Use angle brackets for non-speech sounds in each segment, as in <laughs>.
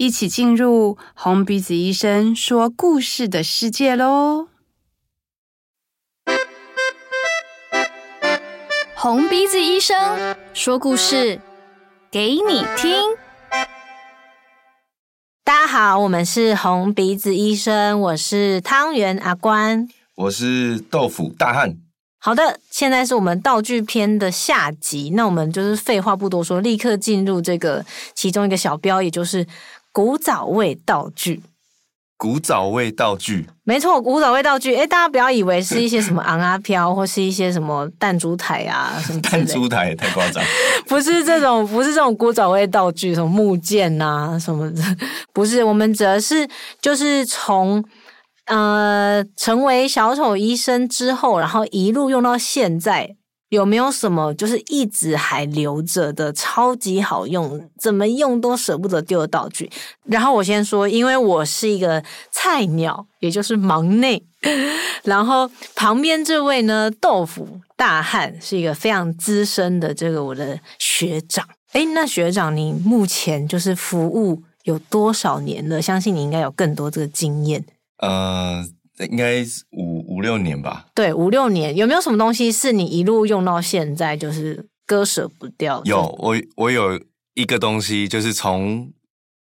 一起進入紅鼻子醫生說故事的世界嘍！紅鼻子醫生說故事給你聽。大家好，我們是紅鼻子醫生，我是湯圓阿關，我是豆腐大漢。好的，現在是我們道具篇的下集，那我們就是廢話不多說，立刻進入這個其中一個小標，也就是。古早味道具，古早味道具，沒錯，古早味道具。哎，大家不要以為是一些什麼昂啊飄， <laughs> 或是一些什麼彈珠台啊，什麼彈 <laughs> 珠台也太誇張， <laughs> 不是這種，不是這種古早味道具，什麼木劍啊什麼的，不是。我們只是就是從呃成為小丑醫生之後，然後一路用到現在。有沒有什麼就是一直還留着的超級好用，怎麼用都捨不得丟的道具？然後我先說，因為我是一個菜鳥，也就是忙內。 <laughs> 然後旁邊這位呢，豆腐大漢是一個非常資深的這個我的學長。誒，那學長，你目前就是服務有多少年了？相信你應該有更多這個經驗。Uh 應該是五五六年吧。對，五六年，有沒有什麼東西是你一路用到現在，就是割舍不掉？有，我我有一個東西，就是從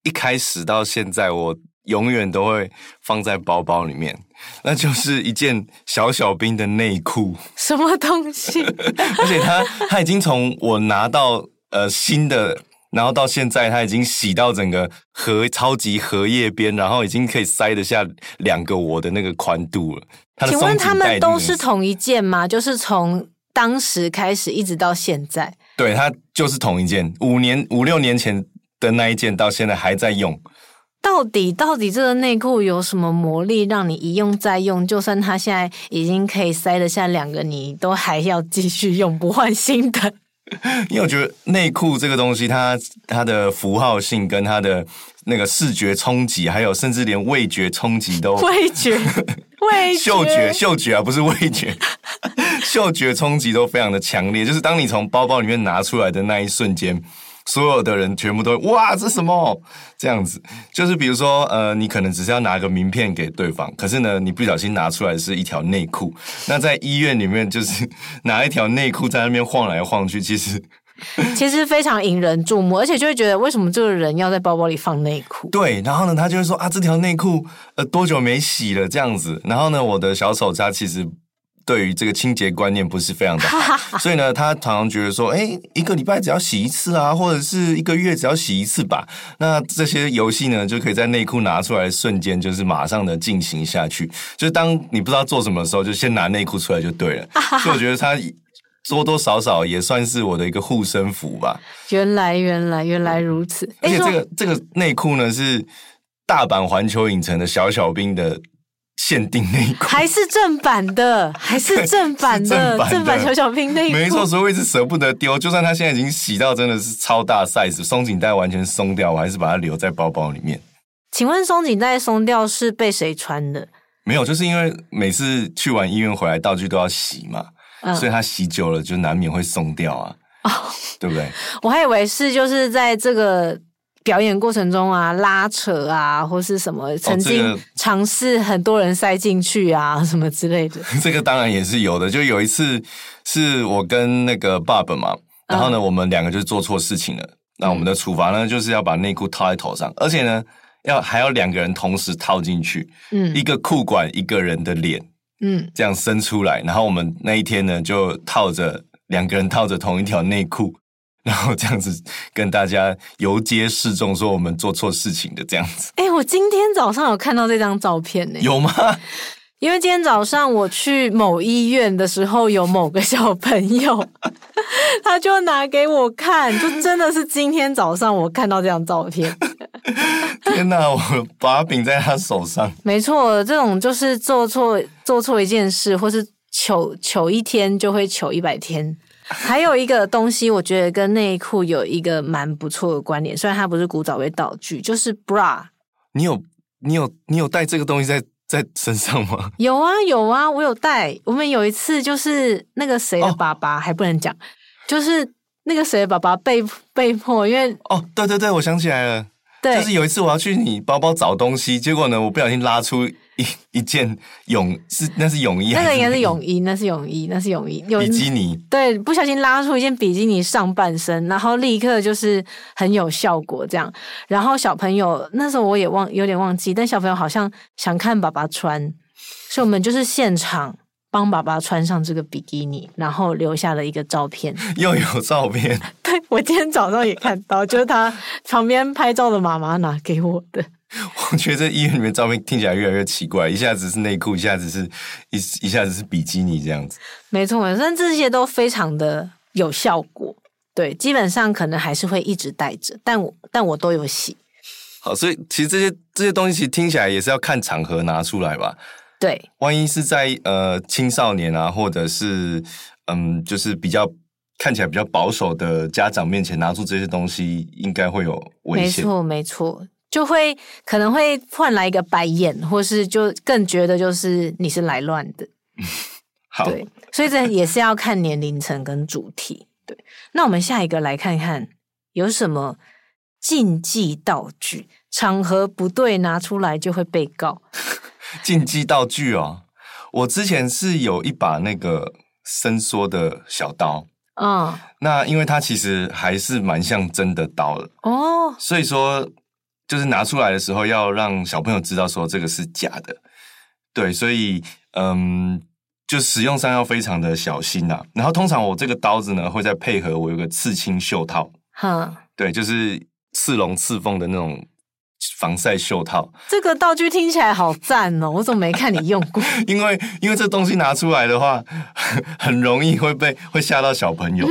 一開始到現在，我永遠都會放在包包裡面，那就是一件小小兵的內褲。 <laughs> <laughs> 什麼東西？ <laughs> 而且他他已經從我拿到呃新的。然後到現在，它已經洗到整個荷超級荷葉邊，然後已經可以塞得下兩個我的那個寬度了，他的鬆緊帶。請問他們都是同一件嗎？就是從當時開始一直到現在。對，它就是同一件，五年五六年前的那一件，到現在還在用。到底到底這個內褲有什麼魔力，讓你一用再用？就算它現在已經可以塞得下兩個，你都還要繼續用，不換新的。因為我覺得內褲這個東西它，它它的符號性跟它的那個視覺衝擊，還有甚至連味覺衝擊都味覺味覺 <laughs> 嗅覺嗅覺啊，不是味覺， <laughs> 嗅覺衝擊都非常的強烈。就是當你從包包裡面拿出來的那一瞬間。所有的人全部都會哇，這什麼這樣子？就是比如說，呃，你可能只是要拿個名片給對方，可是呢，你不小心拿出來是一條內褲。那在醫院裡面，就是拿一條內褲在那邊晃來晃去，其實其實非常引人注目，而且就會覺得為什麼這個人要在包包裡放內褲？對，然後呢，他就會說啊，這條內褲呃多久沒洗了這樣子。然後呢，我的小丑叉其實對於這個清潔觀念不是非常的好， <laughs> 所以呢，他常常覺得說，哎、欸，一個禮拜只要洗一次啊，或者是一個月只要洗一次吧。那這些遊戲呢，就可以在內褲拿出來瞬間，就是馬上的進行下去。就當你不知道做什麼的時候，就先拿內褲出來就對了。 <laughs> 所以我覺得他多多少少也算是我的一個護身符吧。原來，原來，原來如此。而且這個這個內褲呢，是大阪環球影城的小小兵的。限定那一款還是正版的，還是正版的， <laughs> 是正版的，正版小小兵那一款，沒錯，所以我一直捨不得丟。就算它現在已經洗到真的是超大的 size，鬆緊帶完全鬆掉，我還是把它留在包包裡面。請問鬆緊帶鬆掉是被誰穿的？沒有，就是因為每次去完醫院回來，道具都要洗嘛，嗯、所以它洗久了就難免會鬆掉啊，oh, 對不對？我還以為是就是在這個。表演過程中啊，拉扯啊，或是什麼曾經嘗試很多人塞進去啊，哦這個、什麼之類的。這個當然也是有的，就有一次是我跟那個爸爸嘛，然後呢，uh, 我們兩個就做錯事情了。那我們的處罰呢，嗯、就是要把內褲套在頭上，而且呢，要還要兩個人同時套進去，嗯，一個褲管一個人的臉，嗯，這樣伸出來。然後我們那一天呢，就套着兩個人套着同一條內褲。然後這樣子跟大家遊街示眾，說我們做錯事情的這樣子。哎、欸，我今天早上有看到這張照片呢。欸，有嗎？因為今天早上我去某醫院的時候，有某個小朋友， <laughs> 他就拿給我看，就真的是今天早上我看到這張照片。 <laughs> 天吶，我把柄在他手上。沒錯，這種就是做錯做錯一件事，或是糗糗一天就會糗一百天。 <laughs> 還有一個東西，我覺得跟內褲有一個蠻不錯的關聯，雖然它不是古早味道具，就是 bra。你有你有你有帶這個東西在在身上嗎？有啊有啊，我有帶。我們有一次就是那個誰的爸爸、哦、還不能講，就是那個誰的爸爸被被迫，因為哦對對對，我想起來了，對就是有一次我要去你包包找東西，結果呢，我不小心拉出。一一件泳是那是泳衣，是泳衣，那個應該是泳衣，那是泳衣，那是泳衣，泳衣泳衣比基尼。對，不小心拉出一件比基尼上半身，然後立刻就是很有效果這樣。然後小朋友那時候我也忘有點忘記，但小朋友好像想看爸爸穿，所以我們就是現場幫爸爸穿上這個比基尼，然後留下了一個照片。又有照片， <laughs> 對我今天早上也看到， <laughs> 就是他旁邊拍照的媽媽拿給我的。 <laughs> 我覺得醫院裡面照片聽起來越來越奇怪，一下子是內褲，一下子是一一下子是比基尼這樣子。沒錯，反正這些都非常的有效果。對，基本上可能還是會一直帶着，但我但我都有洗。好，所以其實這些這些東西其實聽起來也是要看場合拿出來吧。對，萬一是在呃青少年啊，或者是嗯，就是比較看起來比較保守的家長面前拿出這些東西，應該會有危險。沒錯，沒錯。就會可能會換來一個白眼，或是就更覺得就是你是來亂的。 <laughs> 好，對，所以這也是要看年齡層跟主題，對。那我們下一個來看看有什麼禁忌道具，場合不對拿出來就會被告。 <laughs> 禁忌道具哦，我之前是有一把那個伸縮的小刀。嗯，那因為它其實還是蠻像真的刀的哦，所以說。就是拿出來的時候要讓小朋友知道說這個是假的，對，所以嗯，就使用上要非常的小心啊。然後通常我這個刀子呢，會再配合我有個刺青袖套，哈，對，就是刺龍刺鳳的那種防曬袖套。這個道具聽起來好讚哦，我怎麼沒看你用過？ <laughs> 因為因為這東西拿出來的話，很容易會被會嚇到小朋友。 <laughs>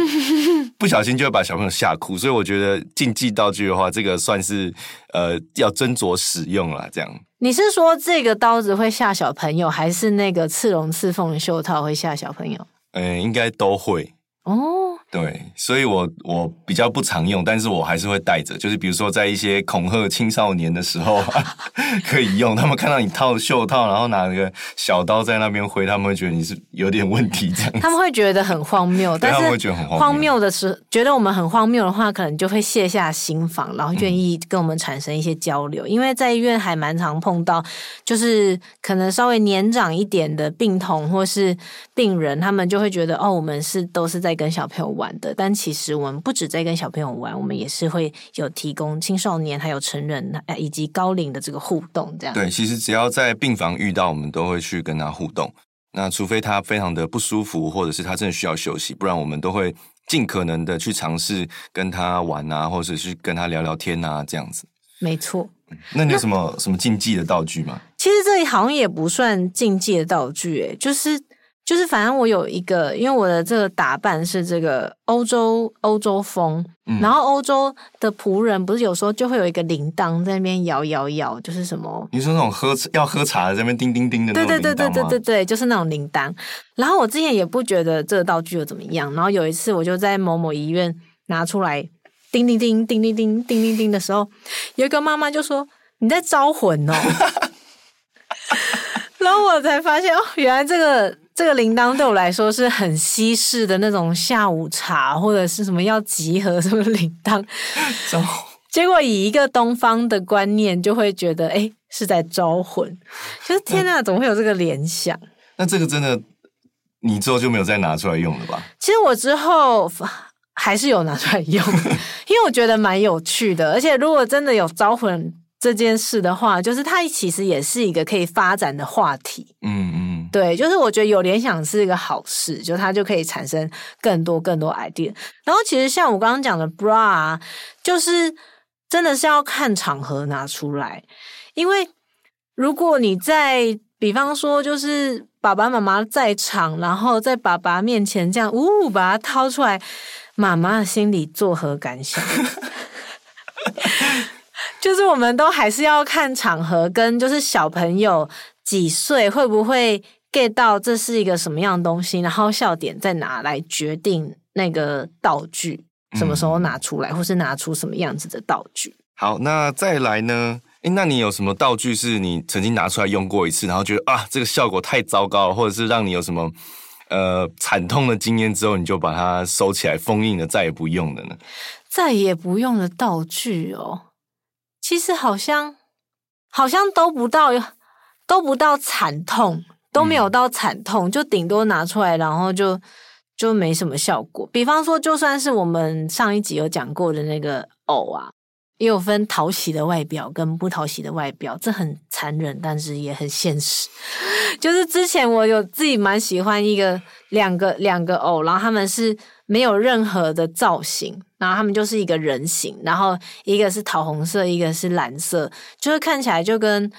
不小心就會把小朋友嚇哭，所以我覺得禁忌道具的話，這個算是呃要斟酌使用啦。這樣，你是說這個刀子會嚇小朋友，還是那個刺龍刺鳳的袖套會嚇小朋友？嗯，應該都會哦。對，所以我，我我比較不常用，但是我還是會帶着。就是比如說，在一些恐嚇青少年的時候， <laughs> <laughs> 可以用。他們看到你套袖套，然後拿一個小刀在那邊揮，他們會覺得你是有點問題這樣。他們會覺得很荒謬，但是會覺得很荒謬的是，覺得我們很荒謬的話，可能就會卸下心防，然後願意跟我們產生一些交流。嗯、因為在醫院還蠻常碰到，就是可能稍微年長一點的病童或是病人，他們就會覺得哦，我們是都是在跟小朋友玩。玩的，但其實我們不止在跟小朋友玩，我們也是會有提供青少年還有成人以及高齡的這個互動，這樣對。其實只要在病房遇到，我們都會去跟他互動。那除非他非常的不舒服，或者是他真的需要休息，不然我們都會盡可能的去嘗試跟他玩啊，或者是跟他聊聊天啊，這樣子。沒錯錯。那你有什麼那什麼禁忌的道具嗎？其實這裡好像也不算禁忌的道具，欸，哎，就是。就是反正我有一個，因為我的這個打扮是這個歐洲歐洲風，然後歐洲的僕人不是有時候就會有一個鈴鐺在那邊搖搖搖，就是什麼？你說那種喝要喝茶的在那邊叮叮叮的，對對對對對對對，就是那種鈴鐺。然後我之前也不覺得這個道具有怎麼樣，然後有一次我就在某某醫院拿出來叮叮叮叮叮叮叮叮叮的時候，有一個媽媽就說你在招魂哦？然後我才發現哦，原來這個。這個鈴鐺對我來說是很西式的那種下午茶，或者是什麼要集合什麼鈴鐺，結果以一個東方的觀念，就會覺得哎，是在招魂，就是天吶，那怎麼會有這個聯想？那這個真的，你之後就沒有再拿出來用了吧？其實我之後還是有拿出來用， <laughs> 因為我覺得蠻有趣的，而且如果真的有招魂這件事的話，就是它其實也是一個可以發展的話題，嗯。對，就是我覺得有聯想是一個好事，就它就可以產生更多更多 idea。然後其實像我剛剛講的 bra，就是真的是要看場合拿出來，因為如果你在，比方說就是爸爸媽媽在場，然後在爸爸面前這樣嗚嗚、哦、把它掏出來，媽媽心裡作何感想？ <laughs> <laughs> 就是我們都還是要看場合跟就是小朋友幾歲會不會。get 到這是一個什麼樣的東西，然後笑點在哪，來決定那個道具什麼時候拿出來，嗯、或是拿出什麼樣子的道具。好，那再來呢？誒、欸、那你有什麼道具是你曾經拿出來用過一次，然後覺得啊，這個效果太糟糕或者是讓你有什麼呃慘痛的經驗之後，你就把它收起來封印了，再也不用了呢？再也不用的道具哦，其實好像好像都不到，都不到慘痛。都沒有到慘痛，嗯、就頂多拿出來，然後就就沒什麼效果。比方說，就算是我們上一集有講過的那個偶啊，也有分討喜的外表跟不討喜的外表，這很殘忍，但是也很現實。 <laughs> 就是之前我有自己蠻喜歡一個兩個兩個偶，然後他們是沒有任何的造型，然後他們就是一個人形，然後一個是桃紅色，一個是藍色，就是看起來就跟。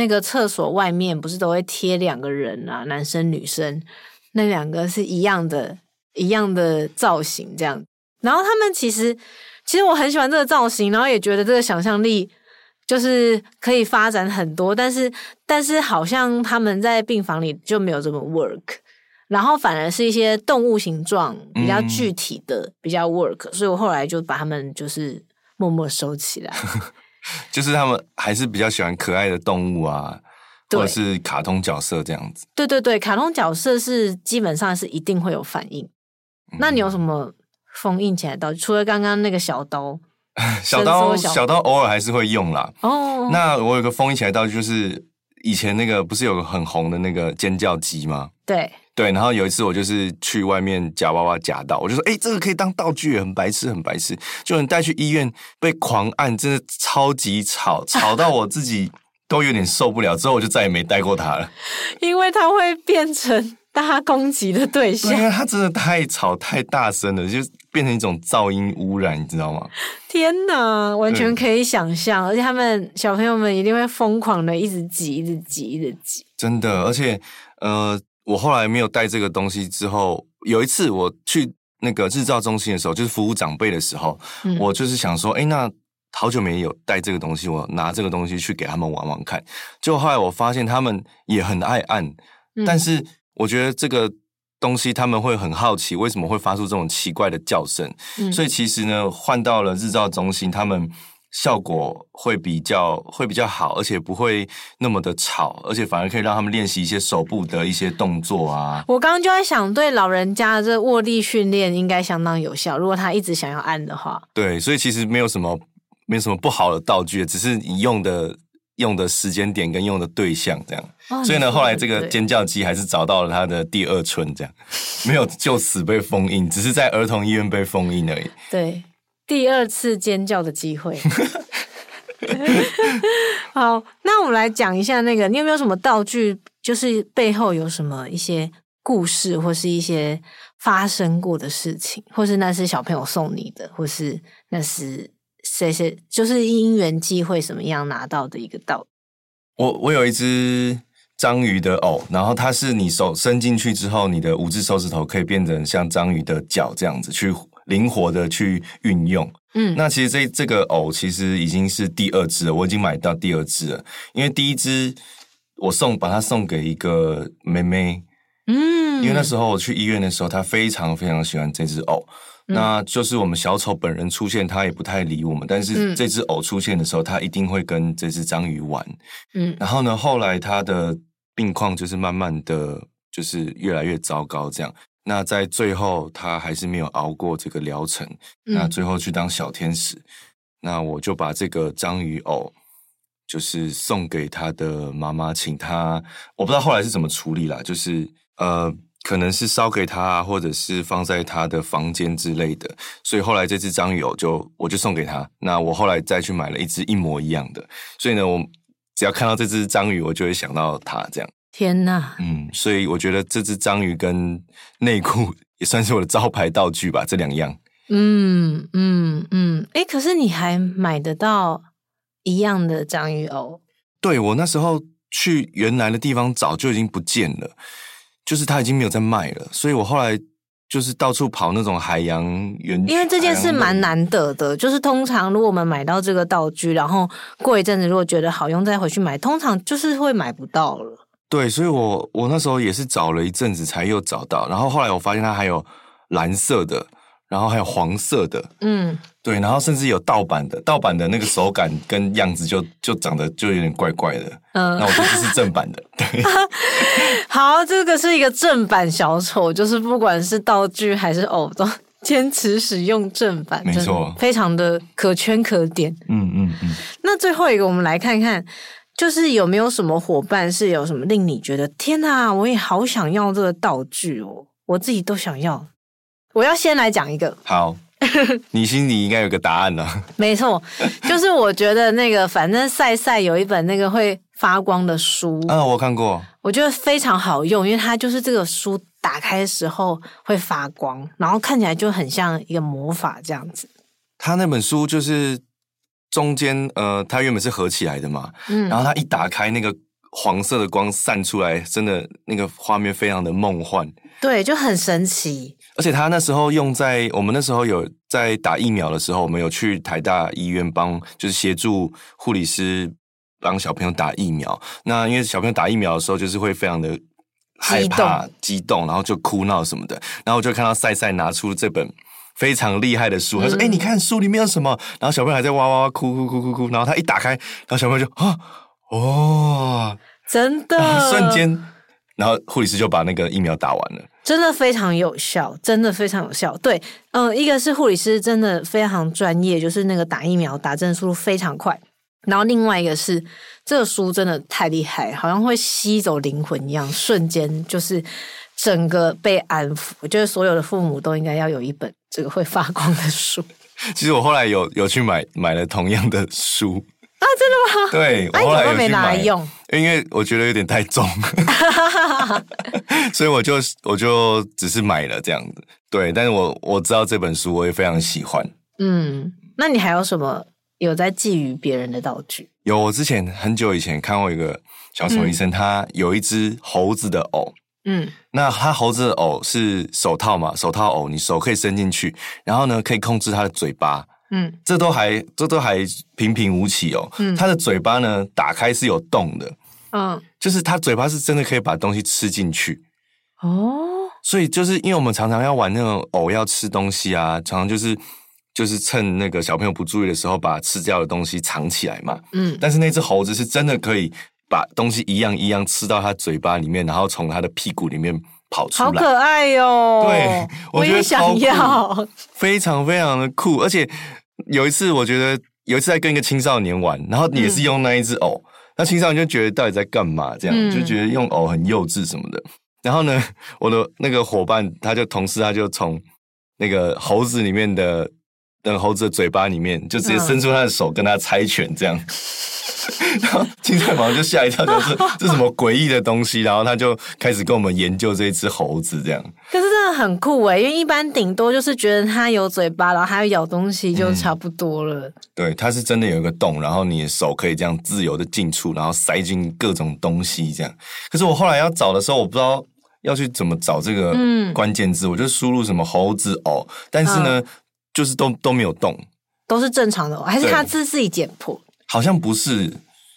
那個廁所外面不是都會貼兩個人啊，男生女生，那兩個是一樣的，一樣的造型這樣。然後他們其實，其實我很喜歡這個造型，然後也覺得這個想象力就是可以發展很多。但是，但是好像他們在病房裡就沒有這麼 work，然後反而是一些動物形狀比較具體的，嗯、比較 work。所以我後來就把他們就是默默收起來。 <laughs> 就是他們還是比較喜歡可愛的動物啊，對或者是卡通角色這樣子。對對對，卡通角色是基本上是一定會有反應。嗯、那你有什麼封印起來的道具？除了剛剛那個小刀，小刀小，小刀偶爾還是會用啦。哦，oh. 那我有個封印起來的道具就是。以前那個不是有個很紅的那個尖叫雞嗎？對對，然後有一次我就是去外面夾娃娃，夾到我就說哎、欸，這個可以當道具。很白痴，很白痴，就你帶去醫院被狂按，真的超級吵，吵到我自己都有點受不了。 <laughs> 之後我就再也沒帶過它了，因為它會變成大攻擊的對象，因為它真的太吵、太大聲了，就。變成一種噪音污染，你知道嗎？天吶，完全可以想象，對而且他們小朋友們一定會瘋狂的一直擠，一直擠，一直擠。真的，而且呃，我後來沒有帶這個東西之後，有一次我去那個日照中心的時候，就是服務長輩的時候，嗯、我就是想說，哎、欸，那好久沒有帶這個東西，我拿這個東西去給他們玩玩看。就後來我發現，他們也很愛按，嗯、但是我覺得這個。東西他們會很好奇為什麼會發出這種奇怪的叫聲，嗯。所以其實呢，換到了日照中心，他們效果會比較會比較好，而且不會那麼的吵，而且反而可以讓他們練習一些手部的一些動作啊。我剛剛就在想，對老人家的這個握力訓練應該相當有效，如果他一直想要按的話，對，所以其實沒有什麼沒有什麼不好的道具，只是你用的。用的時間點跟用的對象這樣，哦、所以呢，沒錯，後來這個尖叫機還是找到了它的第二春，這樣。對，沒有就此被封印， <laughs> 只是在兒童醫院被封印而已。對，第二次尖叫的機會。 <laughs> <laughs> 好，那我們來講一下那個，你有沒有什麼道具？就是背後有什麼一些故事，或是一些發生過的事情，或是那是小朋友送你的，或是那是。是是就是因緣際會什麼樣拿到的一個道具。我我有一隻章魚的偶，然後它是你手伸進去之後，你的五隻手指頭可以變成像章魚的腳這樣子，去靈活的去運用。嗯，那其實這這個偶其實已經是第二隻了，我已經買到第二隻了，因為第一隻我送把它送給一個妹妹，嗯，因為那時候我去醫院的時候，她非常非常喜歡這隻偶。那就是我們小丑本人出現，他也不太理我們。但是這隻偶出現的時候，他一定會跟這隻章魚玩。嗯，然後呢，後來他的病況就是慢慢的就是越來越糟糕，這樣。那在最後，他還是沒有熬過這個療程。那最後去當小天使。嗯，那我就把這個章魚偶，就是送給他的媽媽，請他。我不知道後來是怎麼處理啦，就是呃。可能是燒給他，啊，或者是放在他的房間之類的，所以後來這隻章魚偶就我就送給他。那我後來再去買了一隻一模一樣的，所以呢，我只要看到這隻章魚，我就會想到他這樣。天哪！嗯，所以我覺得這隻章魚跟內褲也算是我的招牌道具吧，這兩樣。嗯嗯嗯，哎，嗯嗯欸，可是你還買得到一樣的章魚偶？對，我那時候去原來的地方，早就已經不見了。就是它已經沒有在賣了，所以我後來就是到處跑那種海洋園，因為這件事蠻難得的。的就是通常如果我們買到這個道具，然後過一陣子如果覺得好用再回去買，通常就是會買不到了。對，所以我我那時候也是找了一陣子才又找到，然後後來我發現它還有藍色的。然後還有黃色的，嗯，對，然後甚至有盜版的，盜版的那個手感跟樣子就就長得就有點怪怪的，嗯，那我覺得是，是正版的。 <laughs> 對好，這個是一個正版小丑，就是不管是道具還是偶裝，堅持使用正版，沒錯，非常的可圈可點。嗯嗯嗯。嗯嗯，那最後一個，我們來看看，就是有沒有什麼夥伴是有什麼令你覺得天吶，我也好想要這個道具哦，我自己都想要。我要先來講一個，好，你心裡應該有個答案了啊。 <laughs> 沒錯，就是我覺得那個，反正賽賽有一本那個會發光的書，嗯、啊，我看過，我覺得非常好用，因為它就是這個書打開的時候會發光，然後看起來就很像一個魔法這樣子。他那本書就是中間，呃，它原本是合起來的嘛，嗯，然後它一打開那個。黃色的光散出來，真的那個畫面非常的夢幻，對，就很神奇。而且他那時候用在我們那時候有在打疫苗的時候，我們有去台大醫院幫，就是協助護理師幫小朋友打疫苗。那因為小朋友打疫苗的時候，就是會非常的害怕、激動，激動，然後就哭鬧什麼的。然後我就看到賽賽拿出這本非常厲害的書，嗯、他說：“哎、欸，你看書裡面有什麼？”然後小朋友還在哇哇哇哭哭哭哭哭，哭，然後他一打開，然後小朋友就啊，哦。真的，瞬間，然後護理師就把那個疫苗打完了。真的非常有效，真的非常有效。對，嗯，一個是護理師真的非常專業，就是那個打疫苗打針的速度非常快。然後另外一個是，這個書真的太厲害，好像會吸走靈魂一樣，瞬間就是整個被安撫。我覺得所有的父母都應該要有一本這個會發光的書。其實我後來有，有去買，買了同樣的書。啊，真的嗎？對，啊、我我、啊、都沒拿來用，因為我覺得有點太重，哈哈哈。所以我就我就只是買了這樣子。對，但是我我知道這本書，我也非常喜歡。嗯，那你還有什麼有在覬覦別人的道具？有，我之前很久以前看過一個小丑、嗯、醫生，他有一隻猴子的偶。嗯，那他猴子的偶是手套嘛？手套偶，你手可以伸進去，然後呢，可以控制他的嘴巴。嗯，這都還這都還平平無奇哦。嗯，它的嘴巴呢，打開是有洞的，嗯，就是它嘴巴是真的可以把東西吃進去。哦，所以就是因為我們常常要玩那種偶、哦、要吃東西啊，常常就是就是趁那個小朋友不注意的時候把吃掉的東西藏起來嘛。嗯，但是那只猴子是真的可以把東西一樣一樣吃到它嘴巴裡面，然後從它的屁股裡面跑出來，好可愛喲、喔！對，我，我也想要，非常非常的酷。而且有一次，我覺得有一次在跟一個青少年玩，然後也是用那一只偶，嗯、那青少年就覺得到底在幹嘛？這樣、嗯、就覺得用偶很幼稚什麼的。然後呢，我的那個夥伴他就同時他就從那個猴子裡面的。等猴子的嘴巴裡面，就直接伸出他的手、嗯、跟他猜拳這樣， <laughs> 然後金菜毛就嚇一跳，就 <laughs> 是這什麼詭異的東西，然後他就開始跟我們研究這一只猴子這樣。可是真的很酷哎、欸，因為一般頂多就是覺得它有嘴巴，然後還要咬東西就差不多了、嗯。對，它是真的有一個洞，然後你的手可以這樣自由的進出，然後塞進各種東西這樣。可是我後來要找的時候，我不知道要去怎麼找這個關鍵字，嗯、我就輸入什麼猴子哦，但是呢。嗯就是都都沒有動，都是正常的哦？還是他自自己剪破？好像不是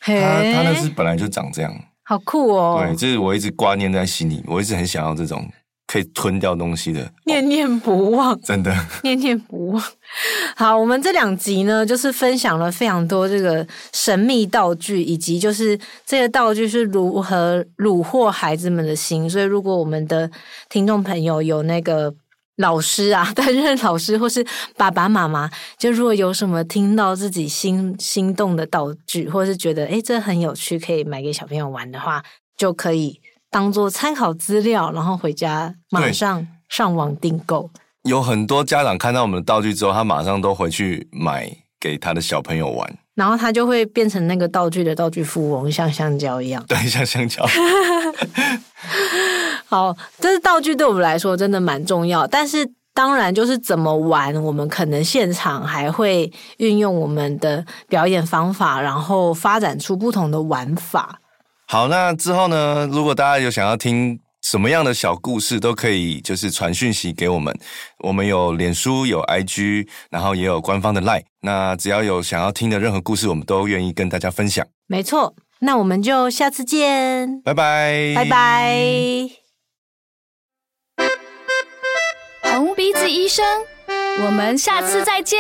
，hey, 他他那是本來就長這樣，好酷哦！對，就是我一直掛念在心裡，我一直很想要這種可以吞掉東西的，念念不忘，哦，真的念念不忘。好，我們這兩集呢，就是分享了非常多這個神秘道具，以及就是這個道具是如何擄獲孩子們的心。所以，如果我們的聽眾朋友有那個。老師啊，擔任老師或是爸爸媽媽，就如果有什麼聽到自己心心動的道具，或是覺得欸，這很有趣，可以買給小朋友玩的話，就可以當做參考資料，然後回家馬上上網訂購。有很多家長看到我們的道具之後，他馬上都回去買給他的小朋友玩，然後他就會變成那個道具的道具富翁，像香蕉一樣，對，像香蕉。 <laughs> 好，這是道具對我們來說真的蠻重要，但是當然就是怎麼玩，我們可能現場還會運用我們的表演方法，然後發展出不同的玩法。好，那之後呢？如果大家有想要聽什麼樣的小故事，都可以就是傳訊息給我們。我們有臉書，有 IG，然後也有官方的 Line。那只要有想要聽的任何故事，我們都願意跟大家分享。沒錯，那我們就下次見，拜拜 bye，拜拜。紅鼻子醫生，我們下次再見。